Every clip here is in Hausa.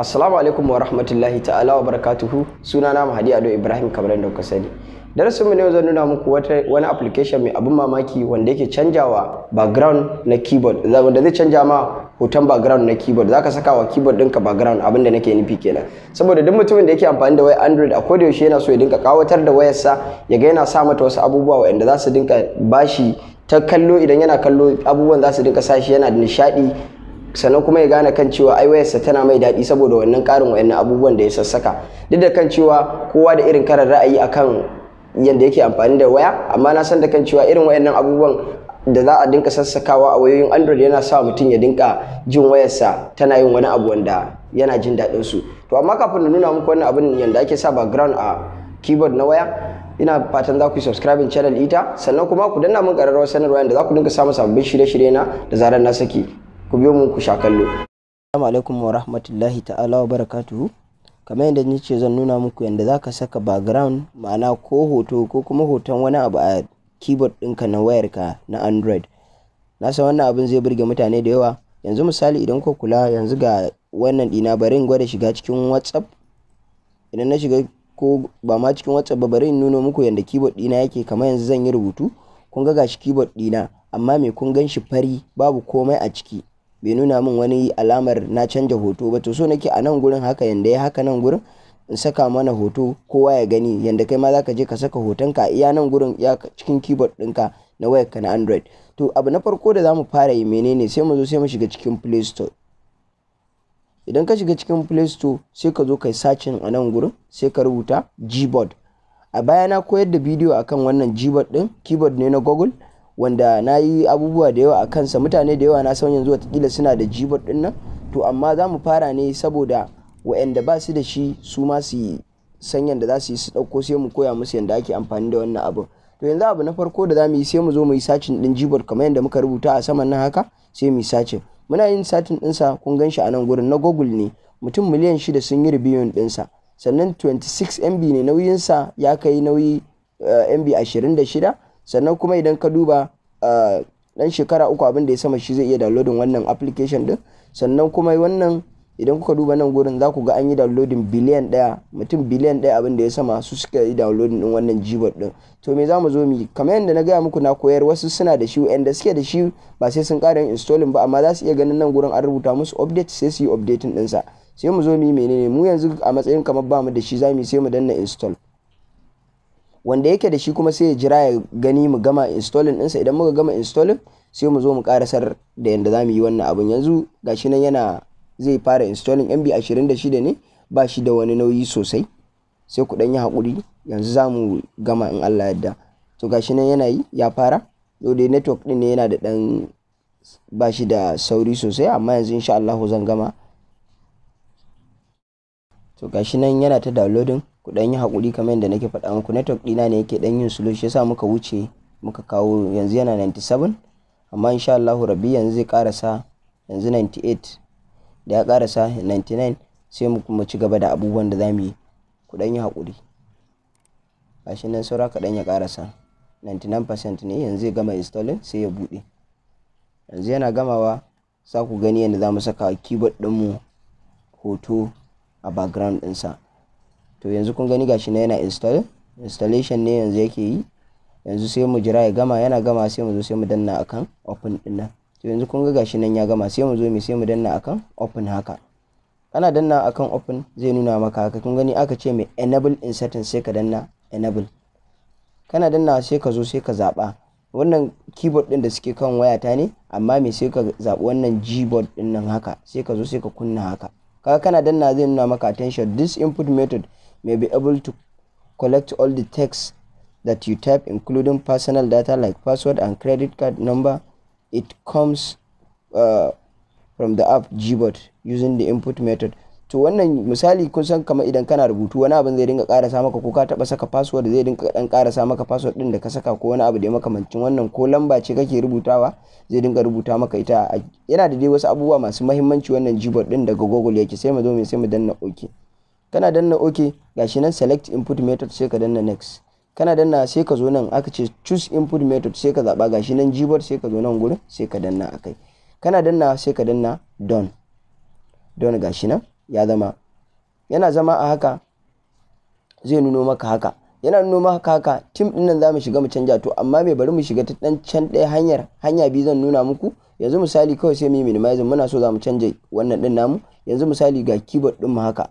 Assalamu alaikum wa rahmatullahi ta'ala wa barakatuhu sunana Mahadi Ado Ibrahim kamar da kuka sani. Darasin mu ne zan nuna muku wata wani application mai abin mamaki wanda yake canjawa background na keyboard wanda zai canja ma hoton background na keyboard zaka saka wa keyboard ɗinka background abin da nake nufi kenan saboda duk mutumin da yake amfani da wayar Android a koda yaushe yana so ya dinka kawatar da wayarsa ya ga yana sa mata wasu abubuwa wanda za su dinka bashi ta kallo idan yana kallo abubuwan za su dinka sashi yana da nishadi sannan kuma ya gane kan cewa ai wayarsa tana mai daɗi saboda wannan ƙarin wayannan abubuwan da ya sassaka duk da kan cewa kowa da irin karar ra'ayi akan yadda yake amfani da waya amma na san da kan cewa irin wayannan abubuwan da za a dinka sassakawa a wayoyin android yana sa mutum ya dinka jin wayarsa tana yin wani abu wanda yana jin daɗin su to amma kafin na nuna muku wannan abin yadda ake sa background a keyboard na waya ina fatan za ku yi subscribe channel ita sannan kuma ku danna mun ƙararrawar sanarwa yadda za ku dinka samun sabbin shirye-shirye na da zarar na saki ku biyo mu ku sha kallo assalamu alaikum wa rahmatullahi ta'ala wa barakatuhu kamar yadda ni ce zan nuna muku yadda za ka saka background ma'ana ko hoto ko kuma hoton wani abu a keyboard ɗinka na wayar wayarka na android na san wannan abin zai burge mutane da yawa yanzu misali idan ko kula yanzu ga wannan ɗina bari in gwada shiga cikin whatsapp idan na shiga ko ba ma cikin whatsapp ba bari in nuna muku yadda keyboard ɗina yake kamar yanzu zan yi rubutu kun ga gashi keyboard ɗina amma me kun gan shi fari babu komai a ciki bai nuna min wani alamar na canja hoto ba to so nake a nan gurin haka yanda ya haka nan gurin in saka mana hoto kowa ya gani yanda kai ma za ka je ka saka hoton ka iya nan gurin ya cikin keyboard ɗinka na wayarka na android to abu na farko da zamu fara yi menene sai mu zo sai mu shiga cikin play store idan ka shiga cikin play store sai ka zo kai sacin a nan gurin sai ka rubuta gboard a baya na koyar da bidiyo akan wannan gboard din keyboard ne na google wanda na yi abubuwa da yawa a kansa mutane da yawa na san yanzu watakila suna da jibot din nan to amma za mu fara ne saboda wa'anda ba su da shi su ma su san yanda za su yi su ɗauko sai mu koya musu yadda ake amfani da wannan abun to yanzu abu na farko da za mu yi sai mu zo mu yi sacin din jibot kamar yadda muka rubuta a saman nan haka sai mu yi sacin muna yin satin ɗinsa kun gan shi a nan gurin na google ne mutum miliyan shida sun yi ribiyun ɗinsa sannan 26 mb ne nauyinsa ya kai nauyi eh, mb 26 sannan kuma idan ka duba dan ah, shekara uku abin da ya sama shi zai iya downloading wannan application din sannan kuma wannan idan kuka duba nan gurin za ku ga an yi downloading biliyan daya mutum biliyan daya abin da ya sama su suka yi downloading din wannan gboard din to me za mu zo mu yi kamar yadda na gaya muku na koyar wasu suna da shi da suke da shi ba sai sun ƙara yin installing ba amma za su iya ganin nan gurin an rubuta musu update sai su yi updating sa sai mu zo mu yi menene mu yanzu a matsayin kamar ba mu da shi za mu sai mu danna install wanda yake da shi kuma sai ya jira ya gani mu gama installing ɗinsa idan muka gama installing sai mu zo mu karasar da yanda zamu yi wannan abun yanzu gashi nan yana zai fara installing mb 26 ne ba shi da wani nauyi sosai sai ku ɗan yi haƙuri yanzu za gama in allah yadda to gashi nan yana yi ya fara yau dai network din ne yana da ɗan ba shi da sauri sosai amma yanzu insha allahu zan gama to gashi nan yana ta downloading ku dan yi hakuri kamar yadda nake faɗa muku network dina ne yake dan yin slow shi yasa muka wuce muka kawo yanzu yana 97 amma insha Allah rabi yanzu zai karasa yanzu 98 da ya karasa 99 sai mu kuma ci gaba da abubuwan da zamu yi ku dan yi hakuri gashi nan saura kaɗan ya karasa 99% ne yanzu zai gama installing sai ya buɗe yanzu yana gamawa za ku gani yadda za mu saka keyboard ɗinmu hoto a background ɗinsa to yanzu kun gani gashi na yana install installation ne yanzu yake yi yanzu sai mu jira ya gama yana gama sai mu zo sai mu danna akan open din nan to yanzu kun ga gashi nan ya gama sai mu zo mu sai mu danna akan open haka kana danna akan open zai nuna maka haka kun gani aka ce mai enable in settings sai ka danna enable kana danna sai ka zo sai ka zaba wannan keyboard din da suke kan wayata ne amma me sai ka zaɓi wannan gboard din nan haka sai ka zo sai ka kunna haka kaga kana danna zai nuna maka attention this input method may be able to collect all the text that you type including personal data like password and credit card number. It comes uh, from the app Gbot using the input method. To wannan misali kun san kamar idan kana rubutu wani abin zai dinga karasa maka ko ka taba saka password zai dinga dan karasa maka password din da ka saka ko wani abu da ya makamancin wannan ko lamba ce kake rubutawa zai dinga rubuta maka ita yana da dai wasu abubuwa masu mahimmanci wannan Gbot din daga Google yake sai mu zo mu sai mu danna okay. kana danna ok gashi nan select input method sai ka danna next kana danna sai ka zo nan aka ce choose input method sai ka zaba gashi nan gboard sai ka zo nan gurin sai ka danna akai kana danna sai ka danna done done gashi nan ya zama yana zama a haka zai nuno maka haka yana nuno maka haka tim din nan zamu shiga mu canja to amma me bari mu shiga ta dan can ɗaya hanyar hanya biyu zan nuna muku yanzu misali kawai sai mu yi muna so zamu canja wannan din namu yanzu misali ga keyboard din mu haka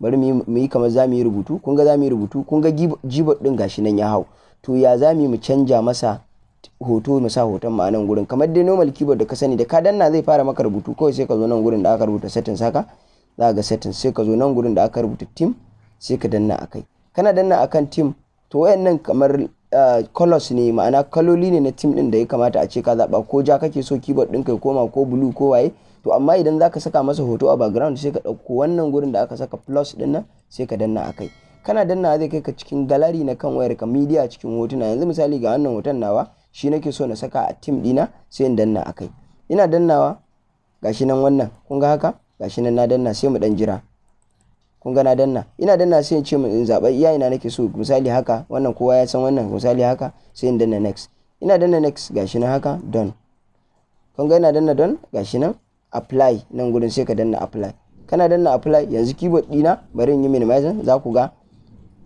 bari mu yi kamar za mu yi rubutu kun ga za mu yi rubutu kun ga jibot din gashi nan ya hau to ya za mu canja masa hoto mu sa hoton mu a nan gurin kamar dai normal keyboard da ka sani da ka danna zai fara maka rubutu kawai sai ka zo nan gurin da aka rubuta settings haka za ga settings sai ka zo nan gurin da aka rubuta team sai ka danna akai kana danna akan team to wayannan kamar eh, colors ne ma'ana kaloli ne na team din da ya kamata a ce ka zaba ko ja kake so keyboard din kai koma ko blue ko waye to amma idan zaka saka masa hoto a background sai ka ɗauko wannan gurin da aka saka plus din nan sai ka danna a kai kana danna zai kai ka cikin galari na kan wayar ka media cikin hotuna yanzu misali ga wannan hoton nawa shi nake so na saka a team dina sai in danna a kai ina dannawa gashi nan wannan kun ga haka gashi nan na danna sai mu dan jira kun ga na danna ina danna sai in ce mu in zaba iya ina nake so misali haka wannan kowa ya san wannan misali haka sai in danna next ina danna next gashi nan haka done kun ga ina danna done gashi nan apply nan gurin sai ka danna apply kana danna apply yanzu keyboard dina bari in yi minimizing za ku ga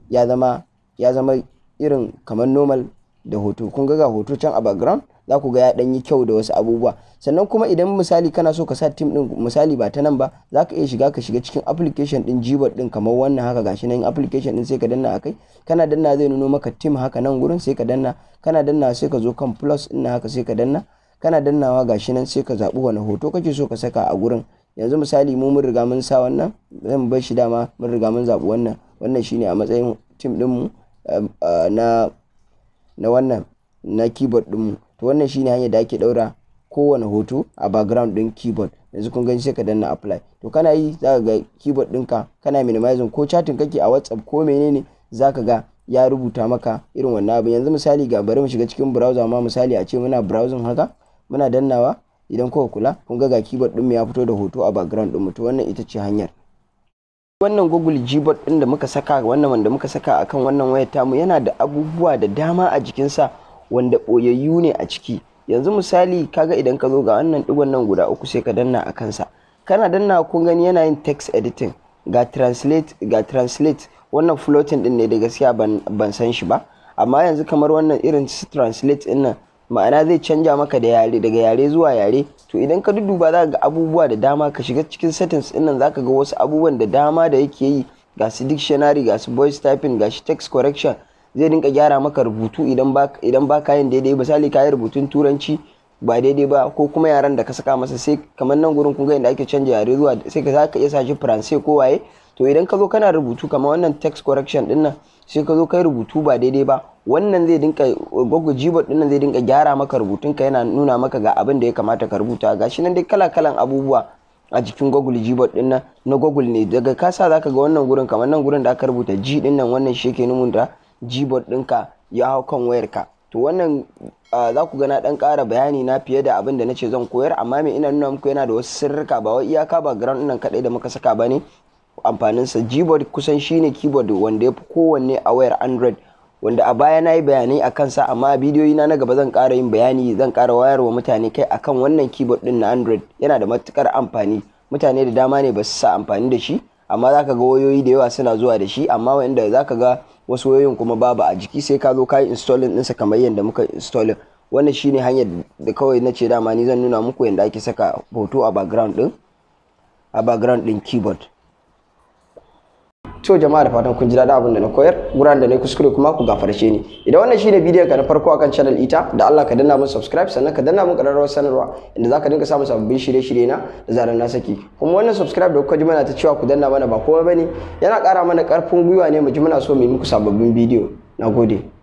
ya zama ya zama irin kamar normal da hoto kun ga ga hoto can a background za ku ga ya danyi kyau da wasu abubuwa sannan kuma idan misali kana so ka sa team din misali ba ta nan ba za ka iya shiga ka shiga cikin application din jibar din kamar wannan haka gashi nan application din sai ka danna akai kana danna zai nuno maka team haka nan gurin sai ka danna kana danna sai ka zo kan plus din haka sai ka danna kana dannawa gashi nan sai ka zaɓi wani hoto kake so ka saka a gurin yanzu misali mu mun riga mun sa wannan zan bar shi dama mun riga mun zaɓi wannan wannan shine a matsayin tim ɗinmu um, uh, na na wannan na keyboard ɗinmu to wannan shine hanyar da ake ɗaura kowane hoto a background ɗin keyboard yanzu kun gani sai ka danna apply to kana yi za ka ga keyboard ɗinka kana minimizing ko chatting kake a whatsapp ko menene za ka ga ya rubuta maka irin wannan abin yanzu misali ga bari mu shiga cikin browser ma misali a ce muna browsing haka muna dannawa idan kuka kula kun ga ga keyboard din mu ya fito da hoto a background din mu to wannan ita ce hanyar wannan google gboard din da muka saka wannan wanda muka saka akan wannan wayar mu yana da abubuwa da dama a jikin sa wanda ɓoyayyu ne a ciki yanzu misali kaga idan ka zo ga wannan digon nan guda uku sai ka danna a kansa kana danna kun gani yana yin text editing ga translate ga translate wannan floating din ne da gaskiya ban san shi ba amma yanzu kamar wannan irin translate din nan ma'ana zai canja maka da yare daga yare zuwa yare to idan ka duduba za ga abubuwa da dama ka shiga cikin settings din nan zaka ga wasu abubuwan da dama da yake yi ga su dictionary ga su voice typing ga shi text correction zai dinka gyara maka rubutu idan ba idan ba kayan daidai misali kayan rubutun turanci ba daidai ba ko kuma yaran da ka saka masa sai kamar nan gurin kun ga inda ake canja yare zuwa sai ka zaka iya sa shi faransai ko waye to idan ka zo kana rubutu kamar wannan text correction din nan sai ka zo kai rubutu ba daidai ba wannan zai dinka gogo gboard din nan zai dinka gyara maka rubutun ka yana nuna maka ga abin da ya kamata ka rubuta gashi nan dai kala kalan abubuwa a jikin google gboard din nan na google ne daga kasa zaka ga wannan gurin kamar nan gurin da aka rubuta g din nan wannan shi yake nuna da gboard ya hau kan wayar ka to wannan za ku na dan kara bayani na fiye da abin da ce zan koyar amma me ina nuna muku yana da wasu sirrika ba wai iyaka ba ground nan kadai da muka saka bane amfaninsa gboard kusan shine keyboard wanda ya fi kowanne a wayar android wanda a baya na yi bayanai a kansa amma a bidiyoyi na gaba zan ƙara yin bayani zan ƙara wayarwa mutane kai akan wannan keyboard din na android yana da matukar amfani mutane da dama ne ba su sa amfani da shi amma zaka ga wayoyi da yawa suna zuwa da shi amma wanda zaka ga wasu wayoyin kuma babu a jiki sai ka zo ka yi installing ɗinsa kamar yadda muka installing wannan shine hanyar da kawai na ce dama ni zan nuna muku yadda ake saka hoto a background din a background din keyboard to jama'a da fatan kun ji daɗin abin da na koyar guran da na kuskure kuma ku gafarce ni idan wannan shine bidiyon ka na farko akan channel ita da Allah ka danna mun subscribe sannan ka danna mun ƙararrawar sanarwa inda zaka dinga samun sababbin shirye-shirye na da zaran na saki kuma wannan subscribe da kuka ji mana ta cewa ku danna mana ba komai bane yana ƙara mana ƙarfin gwiwa ne mu ji muna so mu yi muku sababbin bidiyo nagode